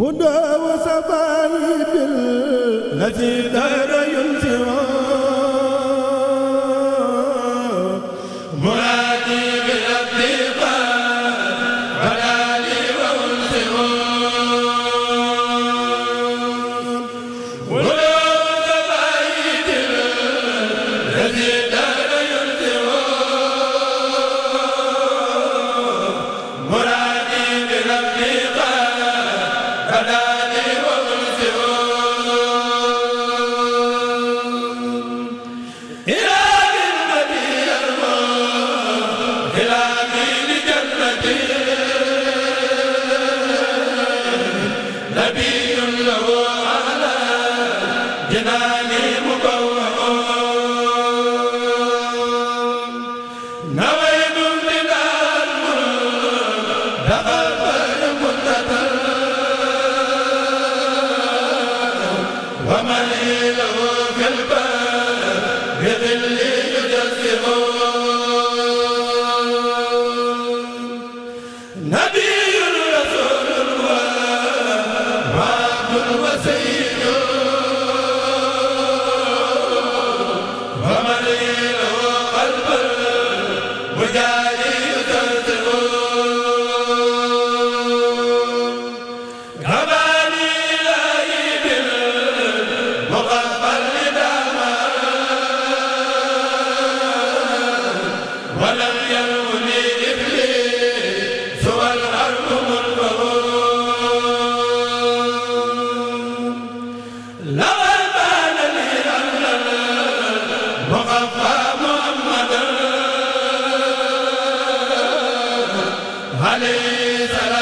هدى وسبايب التي دار ينسوى مرادي بالابتقاء بلالي وانسوى هدى وسبايب التي جميل في البلد بظل يجزئ alayhi salaam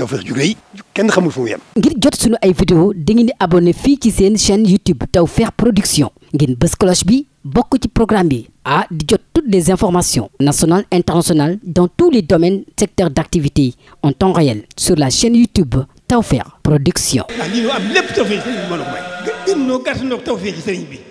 tawfeex ju rëy kenn xamul fu mu yem ngir jot sunu ay vidéo dangeen di abonné fii ci seen chaîne YouTube Tawfekh Production ngeen bës cloche bi bokk ci programme bi ah di jot toutes les informations nationales internationales dans tous les domaines secteurs d'activité en temps réel sur la chaîne YouTube Tawfekh Production. ah lii loo am lépp tawfeer ci bi mbooloo mooy. gën gën ñoo gàtt ñoo ak bi.